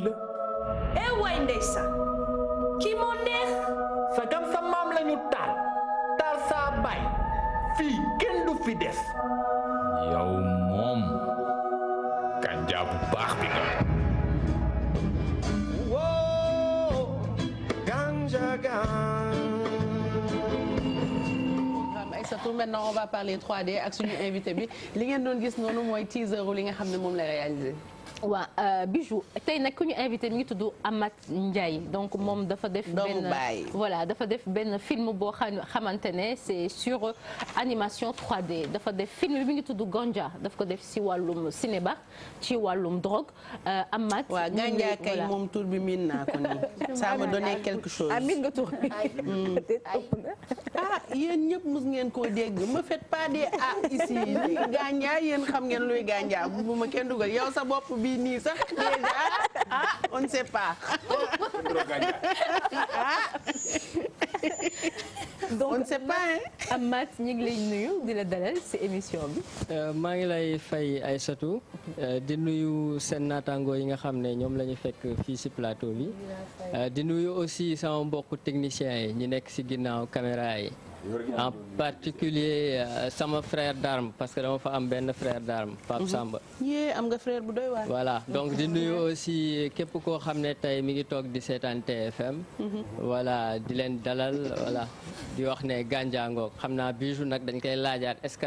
jullit la ee waay ndeysaan kii moo neex sagam sa maam lañu taal taal saa baay fii kenn du fi des yow moom kanja bu baax bi nga woo ganja Aïssatou maintenant on va parler 3D ak suñu invité bi li ngeen doon gis noonu mooy teaser li nga xam ne moom la réalisé waaw euh, bijou tey nag ku ñu invité amat ngi donc mom dafa def ben voilà dafa def ben film bo xamantene c'est sur euh, animation 3D dafa def film bi mi ngi Ganja daf ko def ci walum cinéma ci walum drogue euh, amat wa Ganja kay mom tour bi min na ko ni ça m'a donné quelque chose amin nga tour bi mm. ah yeen ñep mus ngeen ko dégg me faites pas des ah ici Ganja yeen xam ngeen luy Ganja buma ma kenn dugal yow sa bop bi bi nii sax déjà ah on ne sait pas. on ne sait pas Amath ñu ngi lay nuyu di la dalal ci émission bi. Euh, maa ngi lay fay Aïssatou euh, di nuyu seen naataango yi nga xam ne ñoom la fekk fii ci plateau bi. Euh, di nuyu aussi sama mbokku techniciens yi ñu nekk ci ginnaaw caméra yi. en particulier euh, mon frère d'armes parce que dama fa am frère d'arme Pape mhm. Samba voilà donc di aussi képp TFM mhm. voilà Dylan dalal voilà bijou est-ce que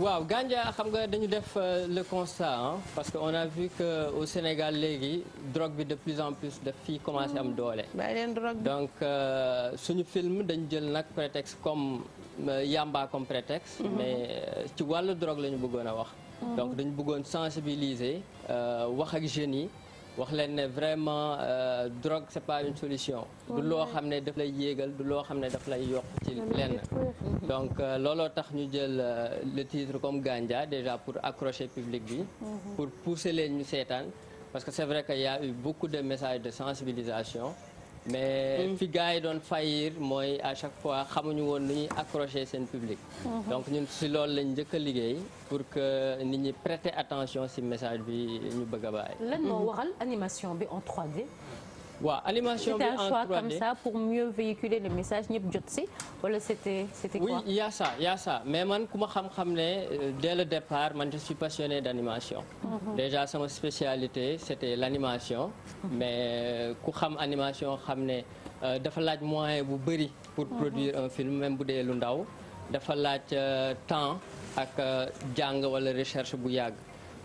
Wow, ganja xam nga euh, le constat hein, parce qu'on a vu qu'au Sénégal les drogues de plus en plus de filles commencent à me doole. donc euh, suñu film dañu jël un prétexte comme euh, yamba comme prétexte. Mhm. mais tu vois drogue la drogue. Mhm. donc nous bëggoon sensibiliser wax ak jeunes wax vraiment ne vraiment euh, drogue c'est pas une solution du loo xam daf lay yéegal du loo xam daf lay ci donc euh, lolo tax ñu euh, le titre comme Ganja déjà pour accrocher public mhm. pour pousser les ñu parce que c'est vrai qu'il y a eu beaucoup de messages de sensibilisation mais mm. fi gars yi doon faillir à chaque fois xamuñu woon nu ñuy accrocher seen public. Mm-hmm. donc ñun si loolu lañ njëkk liggéey pour que nit ñi prêter attention si message bi ñu bëgg a bàyyi. lan moo waral animation bi en 3D animation bi en 3 c'était un choix comme ça pour mieux véhiculer le message ñëpp jot si wala c'était c'était quoi. oui y a ça il y a ça mais man ku ma xam euh, dès le départ man je suis passionné d'animation. Mhm. déjà ma spécialité c'était l'animation. Mhm. mais euh, ku xam animation xam ne euh, dafa laaj moyen bu bari pour mhm. produire un film même bu dee lu ndaw dafa laaj temps ak jàng la recherche bu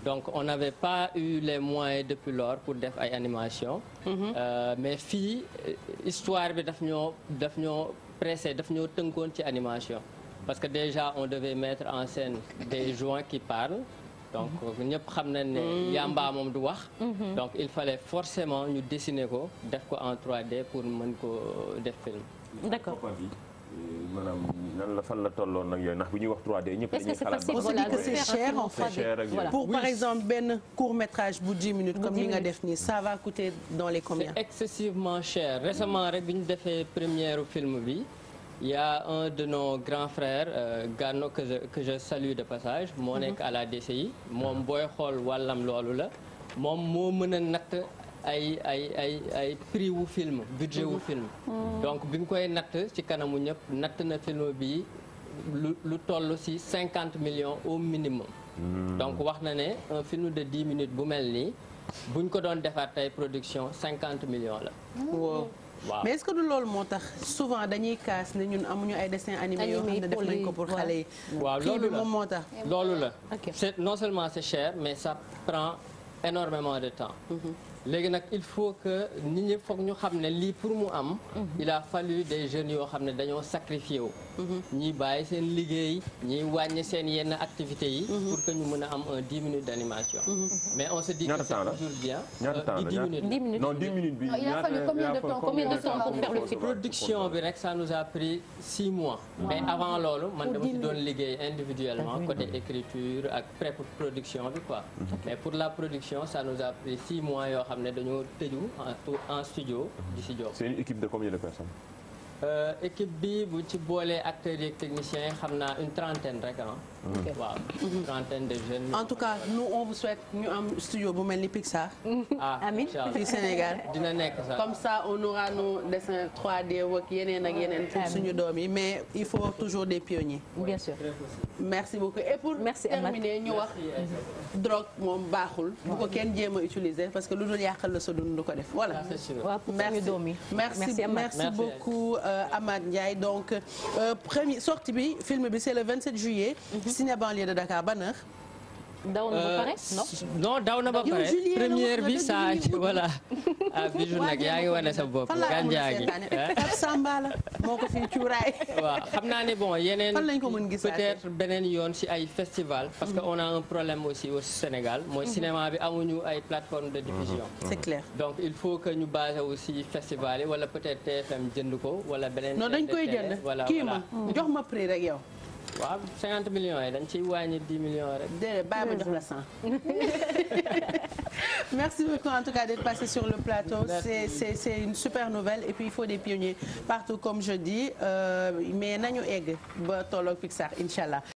donc on n'avait pas eu les moyens depuis lors pour faire l'animation. animation mhm. euh, mais fi, euh, histoire de daf ñoo daf ñoo pressé animation parce que déjà on devait mettre en scène des gens qui parlent donc mhm. euh, mhm. yamba donc il fallait forcément nous dessiner ko en 3D pour faire ko d'accord nan la que c'est cher en fait pour par exemple un court métrage de 10 minutes comme nga ça va coûter dans les combien c'est excessivement cher récemment rek bi fait première film bi il y a un de nos grands frères euh, Gano que je, que je salue de passage moo mhm. à la DCI mon boy hall Wallam loolu mon moom moo ay prix ou film budget ou mhm. film mhm. donc bi mu koy natt ci kanamu ñep un na film bi lu lu ci 50 millions au minimum mhm. donc wax na un film de 10 minutes bu melni buñ ko doon production 50 millions la mais est-ce que du loolu moo souvent dañuy kaas ne ñun amuñu ay dessins animés yoo xam def nañ ko pour xalé waaw loolu loolu la c'est non seulement c'est cher mais ça prend énormément de temps. Maintenant, il faut que nous savions que ce qu'il faut pour nous, mm il a fallu des jeunes qui savent qu'ils sont sacrifiés. Mm -hmm. Ils laissent leur travail, ils laissent leurs activités mhm. pour que nous puissions avoir 10 minutes d'animation. Mhm. Mais on se dit que c'est toujours bien. Euh, 10, 10, 10 minutes. Non, 10 minutes. Il a fallu combien de temps, combien de temps, pour faire le film La production, ça nous a pris 6 mois. Mais avant cela, je me suis donné individuellement, côté écriture, après pour production. Quoi. Mm -hmm. Mais pour la production, ça nous a pris 6 mois. Mhm. c'est une équipe de combien de personnes. Euh, équipe bi bu ci bolé acteurs et techniciens xamna une trentaine rek ah. waaw hmm. trentaine de jeunes. en tout cas nous on vous souhaite ñu am studio bu melni Pixar. Ah, Amin fi Sénégal. dina nek ça comme ça on aura nos dessins 3D ak yenen ak yenen pour suñu doom yi mais il faut toujours des pionniers. bien sûr merci beaucoup et pour. merci terminer ñu wax. Mhm. drogue mom baxul bu ko kenn jema utiliser parce que lu dul yakal la sa dund du ko def voilà. Ah, merci merci beaucoup. Euh, euh, Amad Ndiaye donc euh, premier sortie film c'est le 27 juillet. à mhm. banlieue de Dakar Banner daw na pare non. non daw pare première bi saa voilà. À Bijou nag yaa ngi wane sa bopp. gànjaa gi eh? ak Samba la moo fi cuuraay. waaw xam bon yeneen. fan lañ peut-être Benen yoon ci ay festival parce que on a un problème aussi au Sénégal mooy mhm. cinéma bi amuñu ay plateforme de diffusion. Mhm. c'est clair donc il faut que ñu basé aussi festival yi wala peut-être TFM jënd ko wala beneen. non dañ koy jënd kii ma jox ma prix rek yow. 50 millions yi 10 millions merci beaucoup en tout cas d'être passé sur le plateau. c'est une super nouvelle et puis il faut des pionniers partout comme je dis euh, mais nañu egg ba Pixar Inch'Allah.